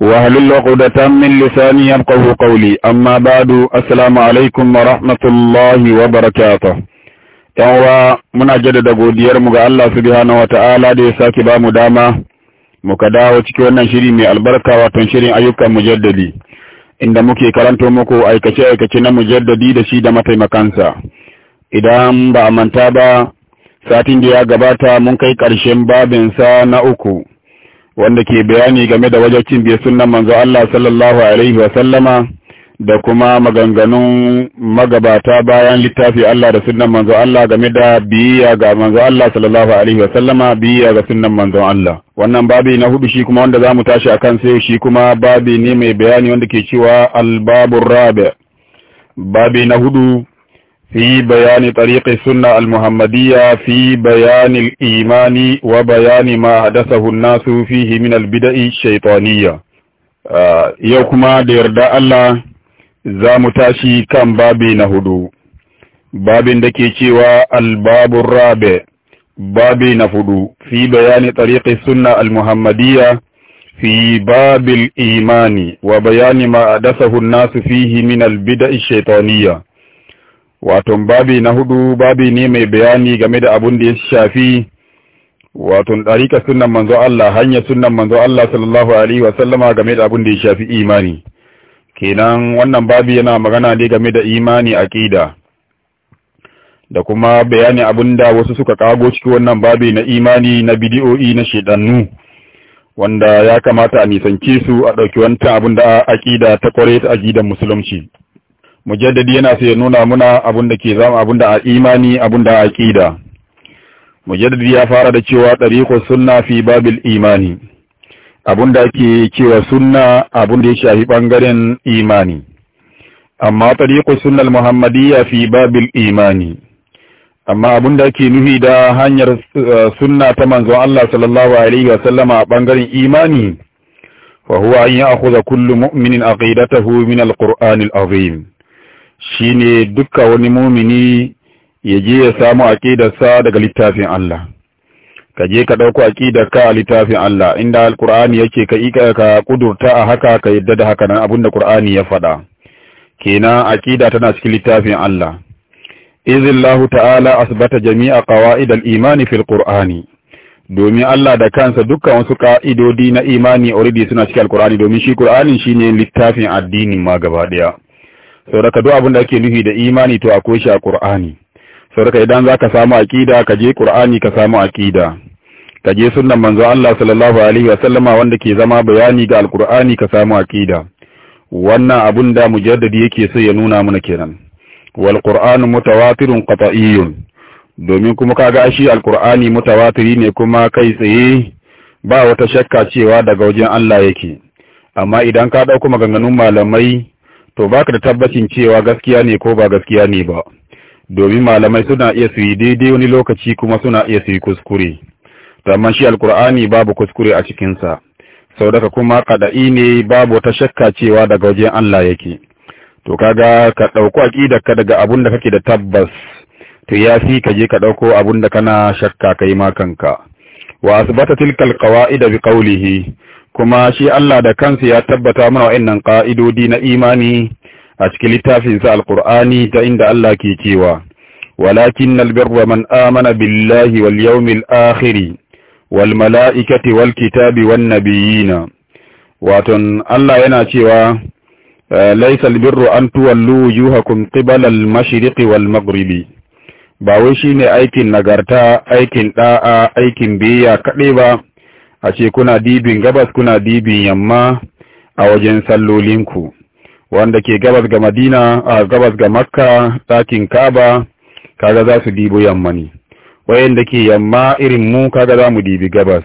وأهل عقدة من لساني يبقه قولي أما بعد السلام عليكم ورحمة الله وبركاته yanwa muna jaddada godiyar mu ga Allah subhanahu wata'ala da ya sake ba mu dama muka dawo cikin wannan shiri mai albarka wato shirin ayyukan mujaddadi inda muke karanto muku aikace aikace na mujaddadi da shi da mataimakansa idan ba a manta ba satin da ya gabata mun kai ƙarshen babinsa na uku wanda ke bayani game da wajabcin biya sunan manzo Allah sallallahu alaihi wa sallama da kuma maganganun magabata bayan littafi Allah da sunan manzo Allah game da biyayya ga manzo Allah sallallahu alaihi wa sallama biyayya ga sunan manzo Allah wannan babi na hudu shi kuma wanda zamu tashi akan sai shi kuma babi ne mai bayani wanda ke cewa al-babur rabi babi na hudu في بيان طريق السنة المحمدية في بيان الإيمان وبيان ما حدثه الناس فيه من البدع الشيطانية آه، يوكما دا الله زامتاشي كم كان بابي نهدو دكي دكيشي الباب الرابع بابي نفدو في بيان طريق السنة المحمدية في باب الإيمان وبيان ما حدثه الناس فيه من البدع الشيطانية waton babi na hudu babi ne mai bayani game da abun da ya shafi waton ɗarika sunan manzo Allah hanyar sunan manzo Allah sallallahu alaihi wasallama game da abun da ya shafi imani kenan wannan babi yana magana ne game da imani aƙida da kuma bayani abun da wasu suka kago cikin wannan babi na imani na bidiyo'i na shedannu wanda ya kamata a nisance su a ɗauki wancan abun da aƙida ta kware ta gidan musulunci mujaddadi yana so ya nuna muna abun da ke zama abun da a imani abun da a ƙida. mujaddadi ya fara da cewa tariqus sunna fi babil imani abun da ake cewa sunna abun da ya shafi ɓangaren imani amma tariqus sunnal muhammadiyya fi babil imani amma abun da ke nufi da hanyar eh, sunna ta manzon Allah sallallahu alaihi wa sallama a ɓangaren imani fa huwa an ya'khudha kullu mu'minin aqidatahu min al-qur'anil azim shine duka wani mumini ya je ya samu aqidarsa daga littafin Allah ka je ka dauko ka a littafin Allah inda alqur'ani yake ka ika ka kudurta a haka ka yadda da haka nan abinda qur'ani ya faɗa Kena aqida tana cikin littafin Allah izillahu ta'ala asbata jami'a qawaid al-iman fil qur'ani domin Allah da kansa dukkan wasu ƙa'idodi na imani already suna cikin alqur'ani domin shi qur'anin shine littafin addinin ma gaba daya sauraka duk abin da ake nufi da imani to akwai shi a Qur'ani sauraka idan za ka samu aƙida ka je ƙur'ani ka samu aƙida. ka je sunan manzo Allah sallallahu alaihi wa sallama wanda ke zama bayani ga Alƙur'ani ka samu aƙida. wannan abun da mujaddadi yake so ya nuna muna kenan wal qur'an mutawatirun qat'iyyun domin kuma kaga shi alqur'ani mutawatiri ne kuma kai tsaye ba wata shakka cewa daga wajen Allah yake amma idan ka dauko maganganun malamai to baka da tabbacin cewa gaskiya ne ko ba gaskiya ne ba domin malamai suna iya su yi daidai wani lokaci kuma suna iya su yi kuskure amma shi alkur'ani babu kuskure a cikinsa sau daga kuma kaɗa'i ne babu wata shakka cewa daga wajen Allah yake to kaga ka ɗauko a ka daga abun da kake da tabbas to ya fi ka je ka ɗauko abun da kana shakka kai ma kanka wa asbata tilkal qawaid bi qawlihi kuma shi Allah da kansa ya tabbata mana wa'annan ƙa'idodi na imani a cikin littafinsa alkur'ani ta inda Allah ke cewa walakin albirra man amana billahi wal yawmil akhir wal mala'ikati wal kitabi wan nabiyina waton Allah yana cewa eh, laisa albirru an tuwallu wujuhakum qibala mashriqi wal maghribi ba wai shine aikin nagarta aikin da'a aikin biyya kaɗai ba a ce kuna dibin gabas kuna dibin yamma a wajen sallolinku wanda ke gabas ga madina a gabas ga makka ɗakin kaba kaga za su dibo yamma ne wayanda ke yamma irin mu kaga za mu dibi gabas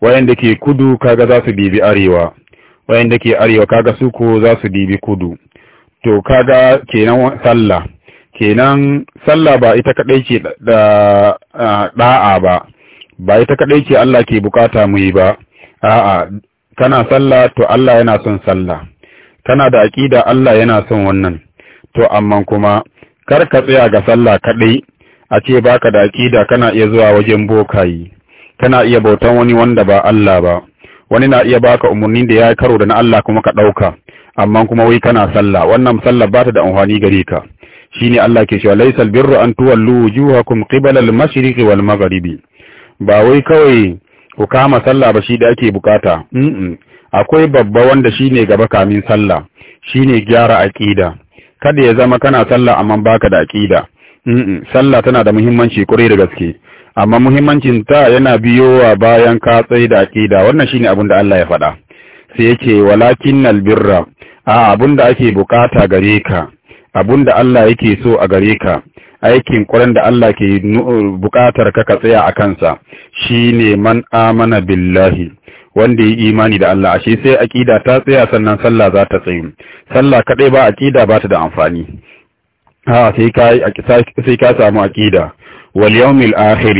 wayanda ke kudu kaga za su dibi arewa wayanda ke arewa kaga su ko za su dibi kudu to kaga kenan sallah kenan sallah ba ita kadai ce da da'a ba ba ita kaɗai ce Allah ke bukata mu yi ba a'a kana sallah to Allah yana son sallah kana da aƙida Allah yana son wannan to amma kuma kar ka tsaya ga sallah kaɗai a ce baka da aƙida kana iya zuwa wajen bokayi kana iya bautan wani wanda ba Allah ba wani na iya baka umarni da ya karo da na Allah kuma ka ɗauka amma kuma wai kana sallah wannan sallah ba ta da amfani gare ka Shi ne Allah ke cewa laisal birru an tuwallu wujuhakum qibala al-mashriqi wal maghribi ba wai kawai ku kama sallah ba shi da ake bukata akwai babba wanda shine gaba kamin sallah shine gyara aƙida. kada ya zama kana sallah amma baka da aƙida. sallah tana da muhimmanci kuri da gaske amma muhimmancin ta yana biyowa bayan ka tsaye da aƙida, wannan shine abin da Allah ya faɗa sai yake nal birra a abin da ake bukata gare ka abin da Allah yake so a gare ka aikin ƙwarar da Allah ke buƙatar ka ka tsaya a kansa shine man amana billahi wanda yi imani da Allah ashe sai aqida ta tsaya sannan sallah za ta tsaye. sallah kaɗai ba aqida ba ta da amfani ha sai ka sai ka samu aqida wal yawmil akhir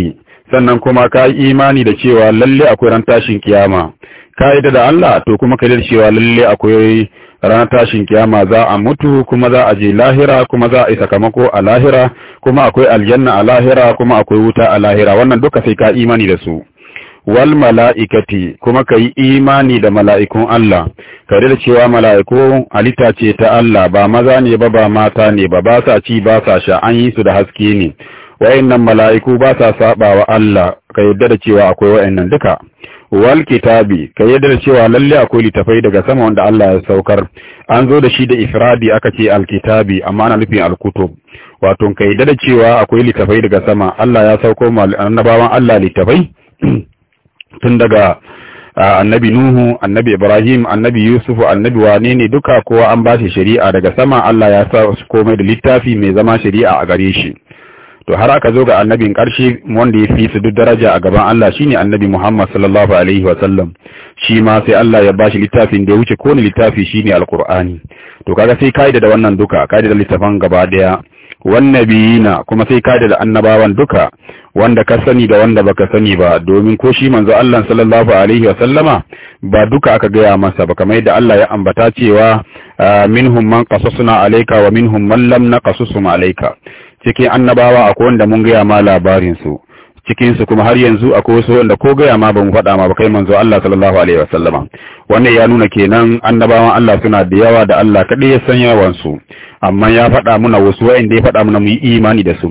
sannan kuma ka yi imani da cewa lalle akwai ran tashin kiyama ka yi da Allah to kuma ka da cewa lalle akwai ranar tashin kiyama za a mutu kuma za a je lahira kuma za a isa kamako a lahira kuma akwai aljanna a lahira kuma akwai wuta a lahira wannan duka sai ka imani da su wal mala'ikati kuma ka yi imani da mala'ikun Allah ka da cewa mala'iku halitta ce ta Allah ba maza ne ba ba mata ne ba ba sa ci ba sa sha an yi su da haske ne wa'annan mala'iku ba sa saba wa Allah ka yarda da cewa akwai wa'annan duka wal kitabi ka yadda da cewa lalle akwai litafai daga sama wanda Allah ya saukar an zo da shi da ifradi aka ce al kitabi amma na nufin al kutub wato ka yadda da cewa akwai litafai daga sama Allah ya sauko ma annabawan Allah litafai tun daga annabi Nuhu, annabi Ibrahim, annabi Yusuf, annabi wane ne duka kowa an ba shi shari'a daga sama Allah ya sa komai da littafi mai zama shari'a a gare shi. to har aka zo ga annabin ƙarshe wanda ya fi su duk daraja a gaban Allah shine annabi Muhammad sallallahu alaihi wa sallam shi ma sai Allah ya bashi littafin da ya wuce kowane littafi shine alqur'ani to kaga sai kaida da wannan duka kaida da littafan gaba daya wannabiyina kuma sai kaida da annabawan duka wanda ka sani da wanda baka sani ba domin ko shi manzo Allah sallallahu alaihi wa sallama ba duka aka gaya masa ba kamar yadda Allah ya ambata cewa ah, minhum man qasasna alayka wa minhum man lam naqasusum alayka cikin annabawa a wanda mun gaya ma labarinsu cikinsu kuma har yanzu akwai wasu wanda ko gaya ma ba mu faɗa ma ba kai manzo Allah sallallahu alaihi wasallama wannan ya nuna kenan annabawan Allah suna da yawa da Allah kaɗai ya san yawansu amma ya faɗa muna wasu wa'inda ya faɗa muna mu yi imani da su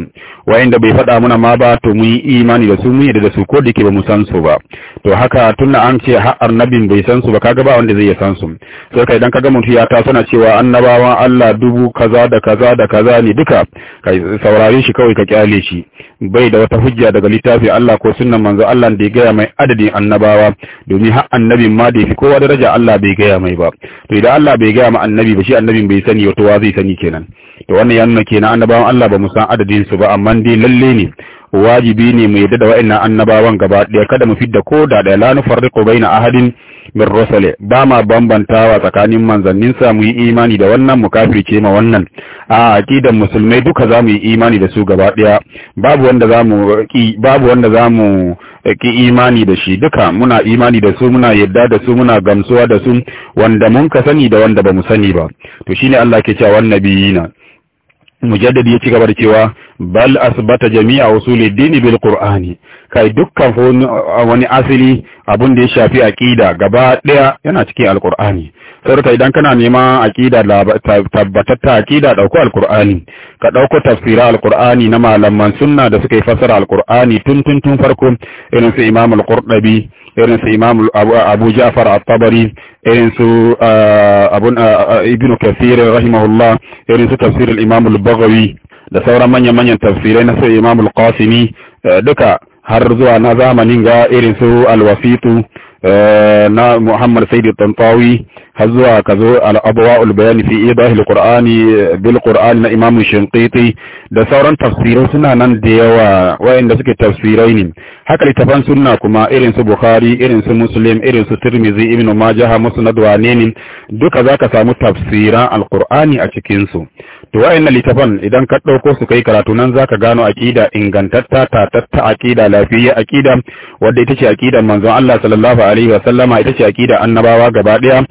wa'inda bai faɗa muna ma ba to mu yi imani da su mu yadda da su ko da ke ba mu san su ba to haka tunda an ce har annabin bai san su ba kaga ba wanda zai ya san su sai kai dan kaga mutu ya ta sana cewa annabawan Allah dubu kaza da kaza da kaza ne duka kai saurare shi kawai ka kyale shi bai da wata hujja daga littafi Allah ko sunnan manzo Allah da ya gaya mai adadin annabawa domin har annabin ma da ya fi kowa daraja Allah bai gaya mai ba to idan Allah bai gaya ma annabi ba shi annabin bai sani wato wa zai sani kenan to wannan ya nuna kenan annabawan Allah ba mu san adadin su ba amma dai lalle ne wajibi ne mu yadda da wa'annan annabawan gaba ɗaya kada mu fidda ko da da la nufarriqu baina ahadin min rusale ba ma bambantawa tsakanin manzanninsa mu yi imani da wannan mu kafirce ma wannan a aqidan musulmai duka za mu yi imani da su gaba daya babu wanda za mu ki babu wanda za mu eh, ki imani da shi duka muna imani da su muna yadda da su muna gamsuwa da su wanda mun ka sani da wanda ba mu sani ba to shine Allah ke cewa wannabiyina nabiyina mujaddadi ya ci gaba da cewa bal asbata jami'a usuli dini bil qur'ani kai dukkan wani asili abun da ya shafi aqida gaba daya yana cikin alqur'ani saboda idan kana neman aqida tabbatatta aqida dauko alqur'ani ka dauko tafsira alqur'ani na malaman sunna da suka yi fasara alqur'ani tun tun tun farko irin su imam al irin su imam abu ja'far at-tabari irin su ah, abun ah, ah, ibn kathir rahimahullah irin su tafsir al-imam al-baghawi da sauran manyan-manyan tafsirai na su imam al-qasimi eh, duka har zuwa na zamanin ga irin su al-wasitu eh, na muhammad sayyid tantawi har zuwa ka zo al'abawa bayani fi idahil qur'ani bil qur'ani na imamu shinqiti da sauran tafsirai suna nan da yawa wayanda suke tafsirai ne haka littafan sunna kuma irin su bukhari irin su muslim irin su tirmidhi ibnu majah musnad wa ne duka zaka samu tafsiran alqur'ani a cikin su to wayannan littafan idan ka dauko su kai karatu nan zaka gano aqida ingantatta tatatta aqida lafiya aqida wanda ita ce aqidan manzon Allah sallallahu alaihi wa sallama ita ce aqida annabawa gaba daya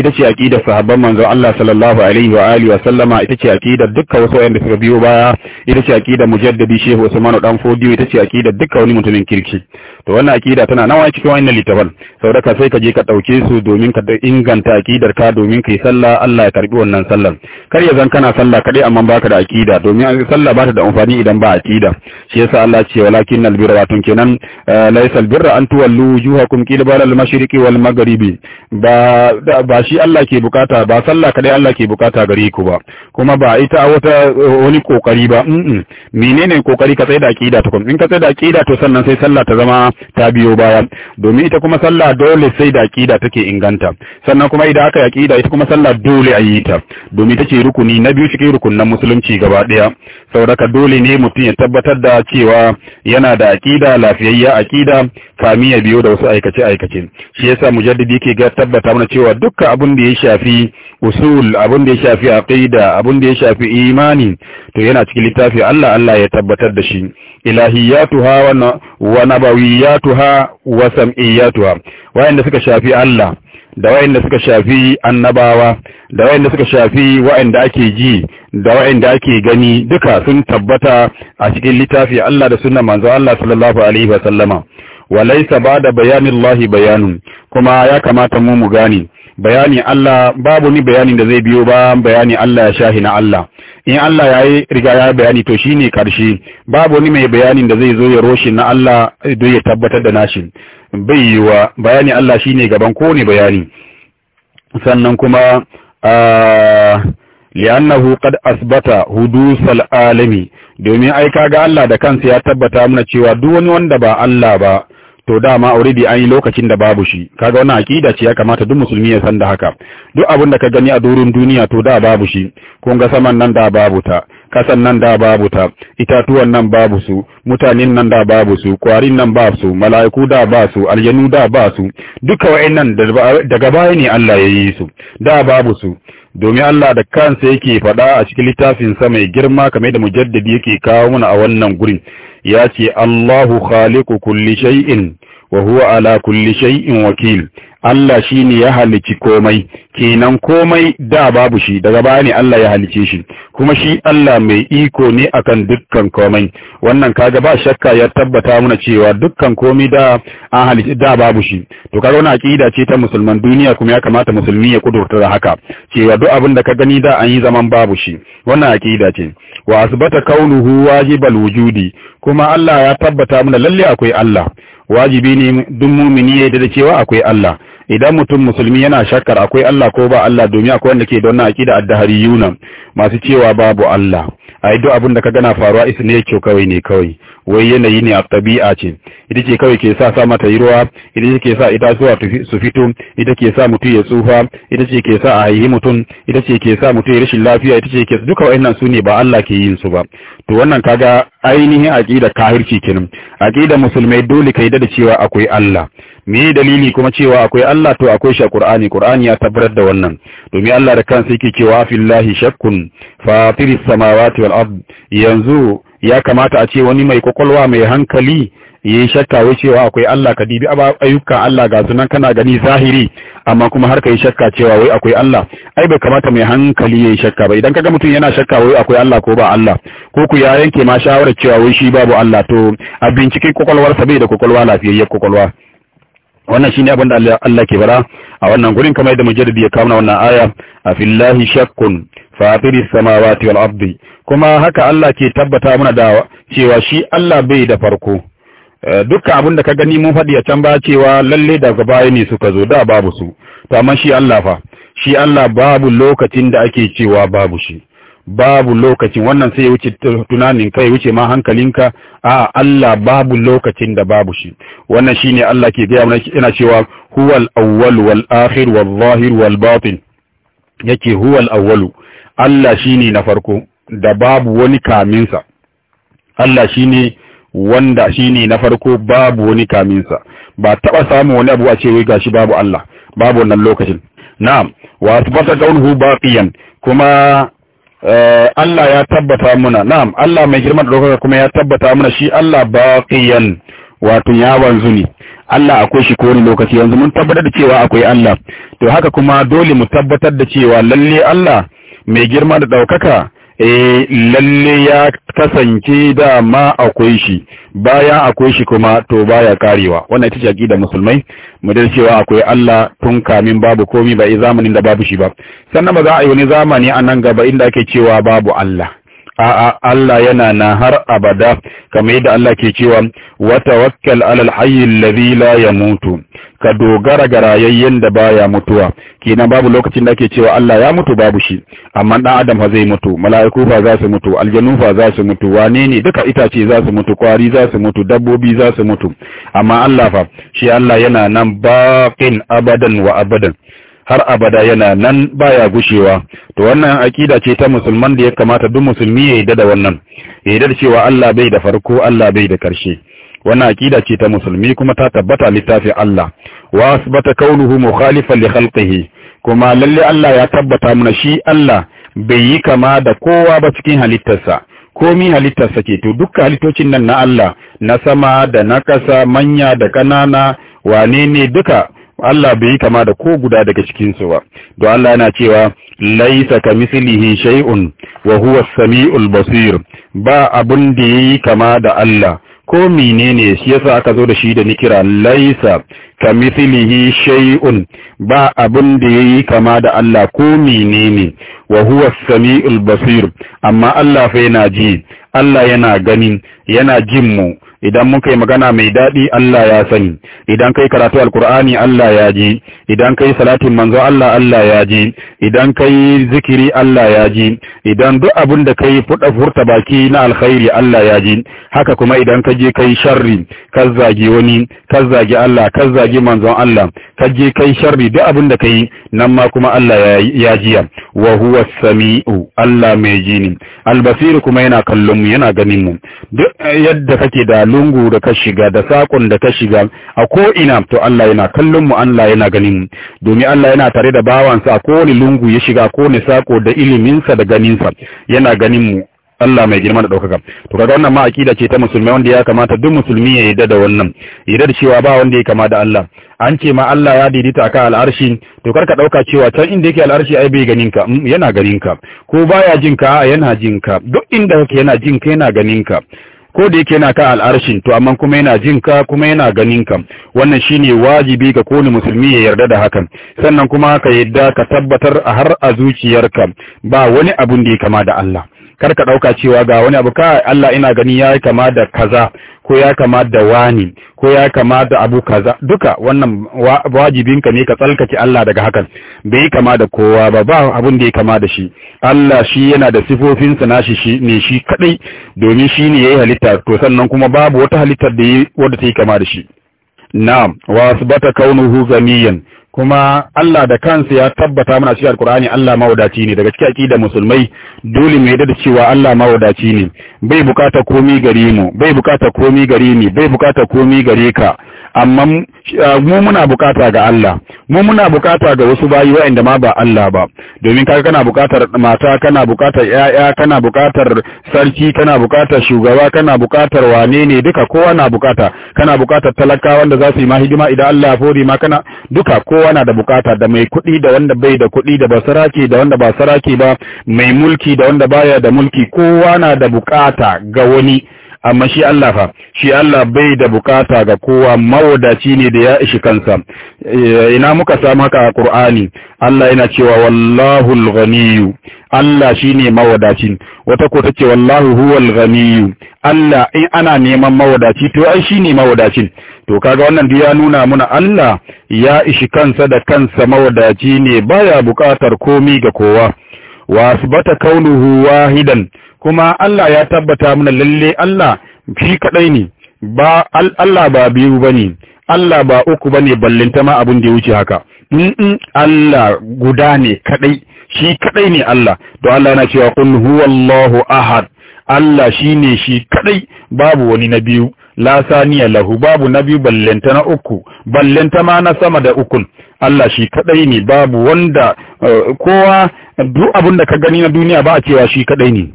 ita ce aƙida sahabban manzon Allah sallallahu alaihi wa alihi wa sallama ita ce aƙida dukkan wasu da suka biyo baya ita ce aƙida mujaddadi Shehu Usman dan Fodiyo ita ce aƙida dukkan wani mutumin kirki to wannan aƙida tana nawa cikin wannan litafin saboda sai ka je ka dauke su domin ka inganta aƙidar ka domin kai sallah Allah ya karbi wannan sallar kar ya zan kana sallah kadai amma baka da aƙida domin sallah ba ta da amfani idan ba aƙida shi yasa Allah ce walakin albirra tun kenan laysal birra an tuwallu wujuhakum qibala al-mashriqi wal maghribi ba ba shi Allah ke bukata ba sallah kadai Allah ke bukata gare ku ba kuma ba ita wata eh, wani kokari ba mm menene kokari ka da aqida ta in ka tsaida aqida to sannan sai sallah ta zama ta biyo baya domin ita kuma sallah dole sai da aqida take inganta sannan kuma idan aka yi aqida ita kuma sallah dole a yi ta domin take rukuni na biyu cikin rukunin musulunci gaba daya saboda dole ne mutum ya tabbatar da cewa yana da aqida lafiyayya aqida kamiya biyo da wasu aikace aikace shi yasa mujaddidi ke ga tabbata mana cewa dukkan abin da ya shafi usul abin da ya shafi aqida abin da ya shafi imani to yana cikin littafi Allah Allah ya tabbatar da shi ilahiyatuha wa nabawiyatuha wa sam'iyatuha wayanda suka shafi Allah da wayanda suka shafi annabawa da wayanda suka shafi wayanda ake ji da wayanda ake gani duka sun tabbata a cikin littafi Allah da sunnar manzo Allah sallallahu alaihi wa sallama walaisa ba da bayanin lahi bayanun kuma ya kamata mu mu gane bayani Allah babu ni bayanin da zai biyo ba bayani Allah ya shahi na Allah in Allah ya yi riga ya bayani to shine karshe babu ni mai bayanin da zai zo ya roshi na Allah eh, don ya tabbatar da nashin bai yi wa bayani Allah shine gaban kowane bayani sannan kuma li'annahu qad asbata hudusal alami domin aika ga Allah da kansa ya tabbata mana cewa duk wani wanda ba Allah ba to dama already an yi lokacin da babu shi kaga wannan akida ce ya kamata duk musulmi ya san da haka duk abin da ka gani a durin duniya to da babu shi kun ga saman nan da babu ta kasan nan da babu ta itatuwan nan babu su mutanen nan da babu su kwarin nan ba su mala'iku da ba su aljanu da ba su duka wa'annan daga baya ne Allah ya yi su da babu su domin Allah da kansa yake faɗa a cikin littafin sa mai girma kamar da mujaddadi yake kawo mana a wannan gurin ya ce Allahu khaliqu kulli shay'in wa huwa ala kulli shay'in wakil Allah shi ne ya halici komai kenan komai da babu shi daga baya ne Allah ya halice shi kuma shi Allah mai iko ne akan dukkan komai wannan kaga ba shakka ya tabbata muna cewa dukkan komai da an halice da babu shi to kaga wani aƙida ce ta musulman duniya kuma ya kamata musulmi ya kudurta haka cewa duk abin da ka gani da an yi zaman babu shi wannan aƙida ce wa asibata kaunuhu wajibal wujudi kuma Allah ya tabbata muna lalle akwai Allah wajibi ne duk mumini ya da cewa akwai Allah idan mutum musulmi yana shakkar akwai Allah ko ba Allah domin akwai wanda ke da wannan aqida ad-dahariyuna masu cewa babu Allah ai duk abin da ka gana faruwa is ne kyau kawai ne kawai wai yanayi ne a tabi'a ce ita ce kawai ke sa sa mata yi ruwa ita ce ke sa ita zuwa su fito ita ke sa mutum ya tsufa ita ce ke sa a haihi mutum ita ce ke sa mutum ya rashin lafiya ita ce ke duka wa'annan su ne ba Allah ke yin su ba to wannan kaga ainihin aƙida kahirci kenan aqida musulmai dole ka yi da cewa akwai Allah me dalili kuma cewa akwai Allah to akwai shi a Qur'ani Qur'ani ya tabbatar da wannan domin Allah da kansa yake cewa fillahi shakkun fatiris samawati wal ard yanzu ya kamata a ce wani mai kwakwalwa mai hankali yayi shakka wai cewa akwai Allah ka dibi ayyuka Allah ga sunan kana gani zahiri amma kuma har kai shakka cewa wai akwai Allah ai bai kamata mai hankali yayi shakka ba idan kaga mutum yana shakka wai akwai Allah ko ba Allah ko ku ya yanke ma shawara cewa wai shi babu Allah to a bincike sa bai da kwakwalwa lafiyayyar kokolwa wannan shine abin da Allah ke fara a wannan gurin kamar yadda mujaddidi ya kawo wannan aya a fillahi shakkun fatiris samawati wal ardi kuma haka Allah ke tabbata muna da cewa shi Allah bai da farko eh, dukkan abin da ka gani mun fadi a can ba cewa lalle daga baya ne suka zo da babu su to amma shi Allah fa shi Allah babu lokacin da ake cewa babu shi babu lokacin wannan sai ya wuce tunanin kai wuce ma hankalinka a Allah babu lokacin da babu shi wannan shine Allah ke gaya mana yana cewa huwal awwal wal akhir wal zahir wal batin yake huwal awwalu Allah shine na farko da babu wani kaminsa Allah shine wanda shine na farko babu wani kaminsa ba taba samu wani abu a ce wai gashi babu Allah babu wannan lokacin na'am wa asbata kaunuhu baqiyan kuma Eh, Allah ya tabbata muna na'am Allah mai girman ɗaukaka kuma ya tabbata muna shi Allah ƙiyan wato ya wanzu ne Allah akwai shi wani lokaci yanzu mun tabbatar da cewa akwai Allah to haka kuma dole mu tabbatar da cewa lalle Allah mai girma da ɗaukaka." eh lalle ya kasance dama akwai shi baya akwai shi kuma to baya karewa wannan ita ce da musulmai mu da cewa akwai Allah tun kamin babu komai ba eh, zamanin da babu shi ba sannan ba za a yi wani zamani a nan gaba inda ake cewa babu Allah a'a Allah yana na har abada kamar yadda Allah ke cewa wata tawakkal alal hayy alladhi la mutu, ka dogara ga rayayyen da baya mutuwa kenan babu lokacin da ake cewa Allah ya mutu babu shi amma dan adam fa zai mutu mala'iku fa za su mutu aljanu fa za su mutu wane ne duka itace za su mutu kwari za su mutu dabbobi za su mutu amma Allah fa shi Allah yana nan baqin abadan wa abadan har abada yana nan baya gushewa to wannan aƙida ce ta musulman da ya kamata duk musulmi ya yarda da wannan ya yarda cewa Allah bai da farko Allah bai da karshe wannan akida ce ta musulmi kuma ta tabbata littafin Allah wa asbata kaunuhu mukhalifan li khalqihi kuma lalle Allah ya tabbata mana shi Allah bai yi kama da kowa ba cikin halittarsa komi halittarsa ke to dukkan halittocin nan na Allah na sama da na kasa manya da ƙanana wane ne duka Allah bai yi kama da ko guda daga cikinsu ba, don Allah yana cewa, Laisa ka mislihi shay'un wa huwa sami'ul basir, ba abun da ya yi kama da Allah, ko menene shi yasa aka zo da shi da nikira, Laisa ka mislihi shay'un ba abun da ya yi kama da Allah ko menene wa huwa sami'ul basir, amma Allah fa yana ji, Allah yana ganin, yana jin mu. idan muka yi magana mai daɗi Allah ya sani idan kai karatu alkur'ani Allah ya ji idan kai salatin manzo Allah Allah ya ji idan kai zikiri Allah ya ji idan duk abin da kai fuda furta baki na alkhairi Allah ya ji haka kuma idan ka je kai sharri ka zagi wani ka zagi Allah ka zagi manzon Allah ka je kai sharri duk abin da kai nan ma kuma Allah ya jiya wa huwa sami'u Allah mai ji ne albasir kuma yana kallon mu yana ganin mu duk yadda kake da lungu da ka shiga da sakon da ka shiga a ko ina to Allah yana kallon mu Allah yana ganin mu domin Allah yana tare da bawansa a kowane lungu ya shiga kowane sako da iliminsa da ganinsa yana ganin mu Allah mai girma da ɗaukaka to kaga wannan ma akida ce ta musulmai wanda ya kamata duk musulmi ya yarda da wannan yarda da cewa ba wanda ya kama da Allah an ce ma Allah ya daidaita akan al'arshi to karka dauka cewa can inda yake al'arshi ai bai ganin ka mm, yana ganin ka ko baya jin ka yana jin ka duk inda kake yana jin ka yana ganin ka ko da yake yana kan al'arshin to amma kuma yana jin ka kuma yana ganin ka wannan shine wajibi ga kowane musulmi ya yarda da hakan sannan kuma ka yarda ka tabbatar a har a zuciyarka ba wani abun da ya kama da Allah kar ka ɗauka cewa ga wani abu ka Allah ina gani ya kama da kaza ko ya kama da wani ko ya kama da abu kaza duka wannan wajibinka ne ka tsalkake Allah daga hakan bai kama da kowa ba ba abun da ya kama da shi Allah shi yana da sifofinsa nashi shi ne shi kadai domin shi ne yayi halitta to sannan kuma babu wata halittar da yi wadda ta yi kama da shi na'am wasu bata kaunuhu ganiyan kuma Allah da kansa ya tabbata mana cikin Alkur'ani Allah mawadaci ne daga cikin aqida musulmai dole mai yadda cewa Allah mawadaci ne bai bukata komi gare mu bai bukata komi gare ni bai bukata komi gare ka amma ah, mu muna bukata ga Allah mu muna bukata ga wasu bayi waɗanda ma ba Allah ba domin kaga kana bukatar mata kana bukatar yaya kana bukatar sarki kana bukatar shugaba kana bukatar wane ne duka kowa na bukata kana bukatar talaka wanda za su yi ma hidima idan Allah ya fori ma kana duka kowa na da bukata da mai kuɗi da wanda bai da kuɗi da saraki da wanda ba saraki ba mai mulki da wanda baya da mulki kowa na da bukata ga wani amma shi Allah fa shi Allah bai da bukata ga kowa mawadaci ne da ya ishi kansa eh, ina muka samu haka a Qur'ani Allah yana cewa wallahu al-ghaniyyu Allah shine mawadaci wata ko take wallahu huwal ghaniyyu Allah in ana neman mawadaci to ai shine mawadacin to kaga wannan duk ya nuna muna Allah ya ishi kansa da kansa mawadaci ne baya bukatar komi ga kowa wa asbata kaunuhu wahidan kuma Allah ya tabbata mana lalle Allah shi kadai ne ba Allah ba biyu bane Allah ba uku bane ballinta ma abin da ya wuce haka in Allah guda ne kadai shi kadai ne Allah to Allah yana cewa qul huwallahu ahad Allah shine shi kadai babu wani na biyu la saniya lahu babu na biyu ballanta na uku ballanta ma na sama da ukun Allah shi kadai ne babu wanda eh, kowa duk abin da ka gani na duniya ba a cewa shi kadai ne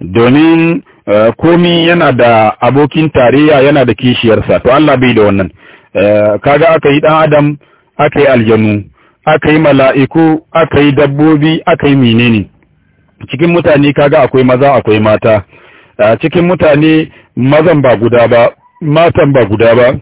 domin eh, komi yana da abokin tarayya yana da kishiyarsa to Allah bai da wannan eh, kaga aka yi dan adam aka yi aljanu aka yi mala'iku aka yi dabbobi aka yi menene cikin mutane kaga akwai maza akwai mata eh, cikin mutane mazan ba guda ba matan ba guda ba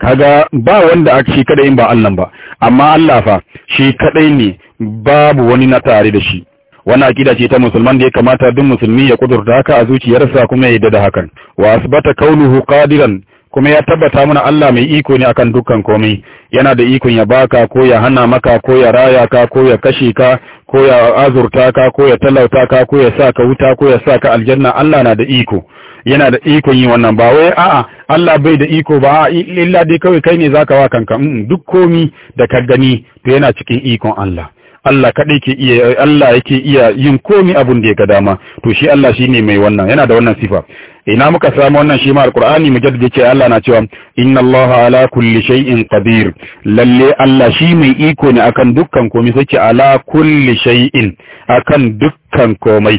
kaga ba wanda aka shi kadai in ba Allah ba amma Allah fa shi kadai ne babu wani na tare da shi wannan akida ce ta musulman da ya kamata duk musulmi ya kudurta haka a zuciyarsa kuma ya yarda da hakan wa asbata kauluhu qadiran kuma ya tabbata mana Allah mai iko ne akan dukkan komai yana da ikon ya baka ko ya hana maka ko ya raya ka ko ya kashe ka ko ya azurta ka ko ya talauta ka ko ya sa ka wuta ko ya sa ka aljanna Allah na da iko yana da ikon yi wannan ba wai a'a Allah bai da iko ba illa dai kawai kai ne zaka wa kanka mm, duk komi da ka gani to yana cikin ikon Allah Allah kadai ke iya Allah yake iya yin komi abun da ya ga dama to shi Allah shine mai wannan yana da wannan sifa ina muka samu wannan shi ma alqur'ani da yake Allah na cewa inna allaha ala kulli shay'in qadir lalle Allah shi mai iko ne akan dukkan komai sai ala kulli shay'in akan dukkan komai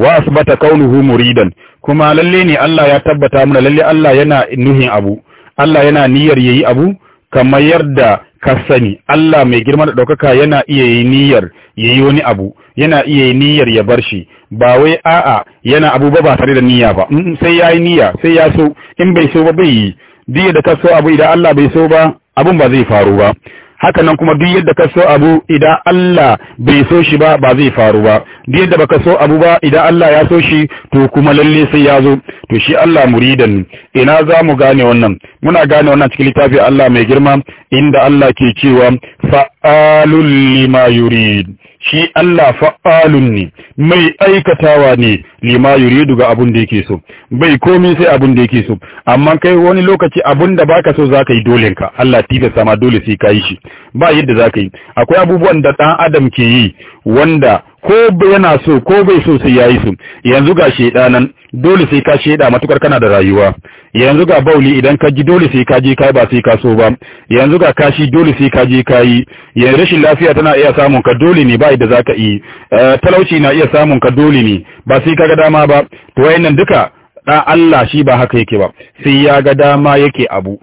wa asbata kaunuhu muridan kuma lalle ne Allah ya tabbata mana lalle Allah yana nuhin abu Allah yana niyyar yayi abu kamar yarda ka sani Allah mai girma da ɗaukaka yana iya yi niyyar ya yi wani abu yana iya yi niyyar ya bar shi ba wai a'a yana abu ba ba tare da niyya ba sai ya yi niyya sai ya so in bai so ba bai yi diya da ka so abu idan Allah bai so ba abun ba zai faru ba haka nan kuma duk yadda ka so abu idan Allah bai so shi ba ba zai faru ba duk yadda baka so abu ba idan Allah ya so shi to kuma lalle sai ya zo to shi Allah muridan ina za mu gane wannan muna gane wannan cikin littafin Allah mai girma inda Allah ke cewa fa'alul lima yurid shi Allah fa'alun ne mai aikatawa ne lima yuri ga abun da yake so bai komi sai abun da yake so amma kai wani lokaci abun da baka so zaka yi dole Allah tika sama dole sai ka yi shi ba yadda zaka yi akwai abubuwan da ɗan adam ke yi wanda ko yana so ko bai so sai yayi su yanzu ga shedanan dole sai ka sheda matukar kana da rayuwa yanzu ga bauli idan ka ji dole sai ka je kai ba sai ka so ba yanzu ga kashi dole sai ka je kai yan rashin lafiya tana iya samun ka dole ne ba idan zaka yi eh, talauci na iya samun ka dole ne ba sai ka ga dama ba to wayannan duka dan Allah shi ba haka yake ba sai ya ga dama yake abu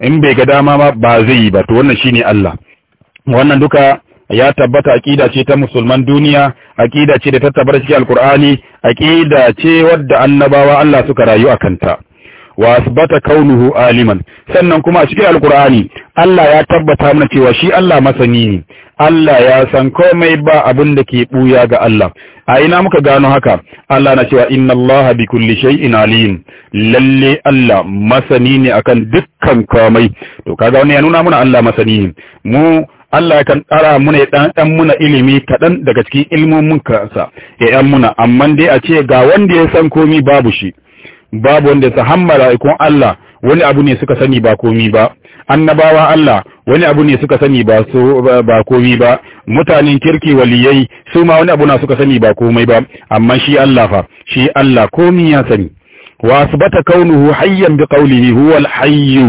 in bai ga dama ba ba zai yi ba to wannan shine Allah wannan duka ya tabbata aqida ce ta musulman duniya aqida ce da ta tabbata cikin alqur'ani aqida ce wadda annabawa Allah suka rayu akanta wa asbata kaunuhu aliman sannan kuma a cikin alkur'ani Allah ya tabbata mana cewa shi Allah masani ne Allah ya san komai ba abin da ke buya ga Allah a ina muka gano haka Allah na cewa inna Allah bi kulli shay'in alim lalle Allah masani ne akan dukkan komai to kaga wani ya nuna mana Allah masani ne mu Allah kan ƙara muna ya ɗan muna ilimi kaɗan daga cikin ilmomin kansa ya muna, amma dai a ce ga wanda ya san komi babu shi. babu wanda ya hammara ikon Allah wani abu ne suka sani ba komi ba annabawa Allah wani abu ne suka sani ba so ba komi ba mutanen kirki waliyai su ma wani abu na suka sani ba komai ba amma shi Allah fa shi Allah komi ya sani wa asbata kaunuhu hayyan bi qawlihi huwa al-hayy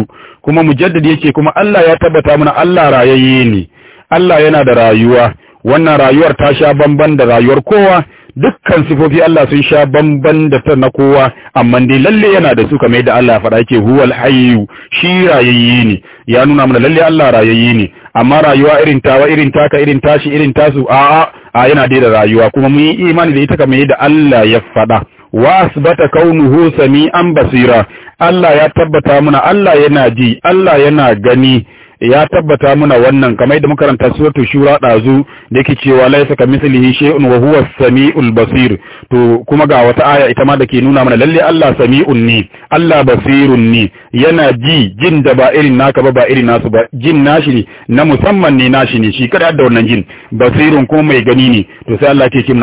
kuma mujaddid yake kuma Allah ya tabbata mana Allah rayayye ne Allah yana da rayuwa wannan rayuwar ta sha bamban da rayuwar kowa dukkan sifofi Allah sun sha bamban da ta na kowa amma dai lalle yana da su kamar da Allah faɗa yake huwal hayyu shi rayayyi ne ya nuna mana lalle Allah rayayyi ne amma rayuwa irin tawa irin taka irin tashi irin tasu a'a a yana dai da rayuwa kuma mun yi imani da ita kamar da Allah ya faɗa wa asbata kaunuhu sami'an basira Allah ya tabbata mana Allah yana ji Allah yana gani ya tabbata muna wannan kamar da makaranta suratul shura dazu da yake cewa laysa kamithlihi shay'un wa huwa as-sami'ul basir to kuma ga wata aya ita ma dake nuna mana lalle Allah sami'un ni Allah basirun ni yana ji jin da ba irin naka ba ba irin nasu ba jin nashi ne na musamman ne nashi ne shi kada da wannan jin basirun kuma mai gani ne to sai Allah ke ce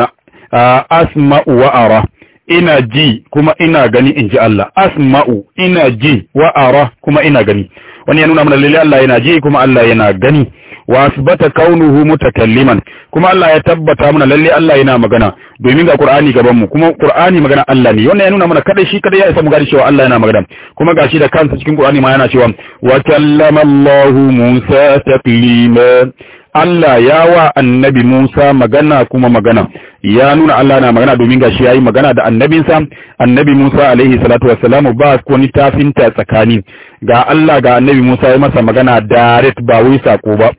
asma'u wa ara ina ji kuma ina gani inji Allah asma'u ina ji wa ara kuma ina gani wani ya nuna mana lalle Allah yana ji kuma Allah yana gani wa asbata kaunuhu mutakalliman kuma Allah ya tabbata mana lalle Allah yana magana domin ga Qur'ani gaban mu kuma Qur'ani magana Allah ne wannan ya nuna mana kada shi kada ya isa mu gani cewa Allah yana magana kuma gashi da kansa cikin Qur'ani ma yana cewa wa kallama Allahu Musa taklima Allah ya wa annabi Musa magana kuma magana ya nuna Allah na magana domin gashi yi magana da annabinsa annabi Musa alaihi salatu salamu ba ko ni tafinta tsakani ga Allah ga annabi Musa ya masa magana direct ba wai sako ba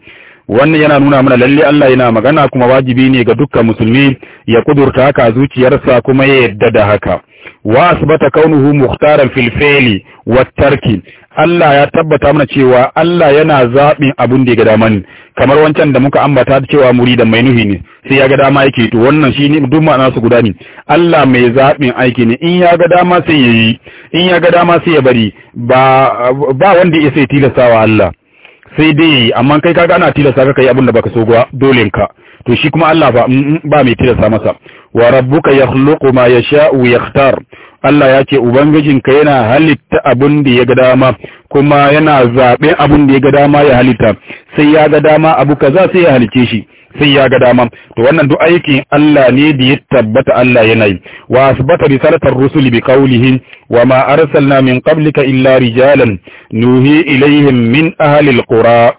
wannan yana nuna mana lalle Allah yana magana kuma wajibi ne ga dukkan musulmi ya kudurta haka zuciyarsa kuma ya yadda da haka wa asbata kaunuhu mukhtaran fil fi'li wat tarki Allah ya tabbata mana cewa Allah yana zabin abun da ya ga dama ne kamar wancan da muka ambata cewa muridan mai nuhi ne sai ya ga dama yake to wannan shine duk ma'ana su guda ne Allah mai zabin aiki ne in ya ga dama sai yayi in ya ga dama sai ya bari ba ba wanda ya sai wa Allah sai dai amma kai kaga ana tilasta ka kai abin da baka so dole ka to shi kuma Allah ba mm, mm, ba mai tilasta masa wa rabbuka yakhluqu ma yasha'u yakhtar Allah ya ce ubangijinka yana halitta abun da ya ga dama kuma yana zaɓen abun da ya ga dama ya halitta sai ya ga dama abu kaza sai ya halice shi sai ya ga dama to wannan duk aikin Allah ne da ya tabbata Allah yana yi wa asbata risalatar rusuli bi qawlihi wa ma arsalna min qablika illa rijalan nuhi ilaihim min ahli alqura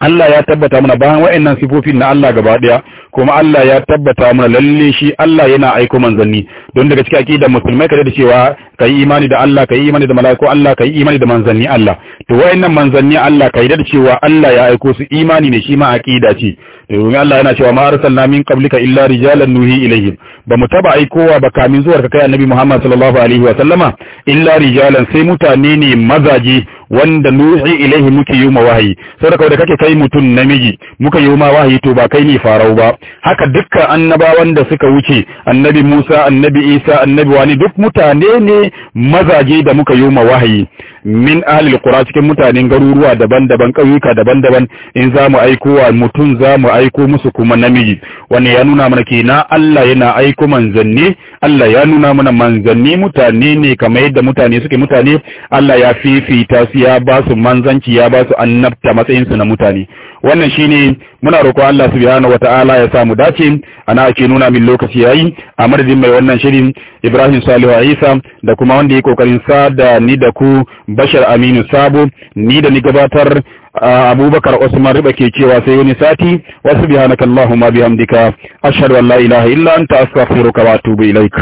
Allah ya tabbata mana bayan wa'annan sifofin na Allah gaba daya kuma Allah ya tabbata mana lalle shi Allah yana aiko manzanni don daga cikin aqidar musulmai kada da cewa kai imani da Allah kai imani da malaiku Allah kai imani da manzanni Allah to wa'annan manzanni Allah kai da cewa Allah ya aiko su imani ne shi ma akida ce domin Allah yana cewa ma arsalna min qablika illa rijalan nuhi ilayhim ba mu taba aikowa ba kamin zuwar ka kai annabi Muhammad sallallahu alaihi wa sallama illa rijalan sai mutane ne mazaje wanda nuhi ilaihi muke yi ma wahayi saboda kawai da kake kai mutun namiji muka yi ma wahayi to ba kai ne farau ba haka dukkan annabawan da suka wuce annabi Musa annabi Isa annabi wani duk mutane ne mazaje da muka yi ma wahayi min ahlil qura cikin mutanen garuruwa daban-daban ƙauyuka daban-daban in zamu aiko wa mutum zamu aiko musu kuma namiji wani ya nuna mana kenan Allah yana aiko manzanni Allah ya nuna mana manzanni mutane ne kamar yadda mutane suke mutane Allah ya fifita su ya ba su manzanci ya ba su annabta matsayinsu na mutane wannan shine muna roƙon Allah subhanahu wataala ya samu dace ana ake nuna min lokaci yayi a madadin mai wannan shirin Ibrahim Salihu Isa da kuma wanda ya kokarin da ni da ku Bashar Aminu Sabo ni da ni gabatar Abubakar Usman Riba ke cewa sai wani sati wa subhanakallahumma bihamdika ashhadu an la ilaha illa anta astaghfiruka wa atubu ilaik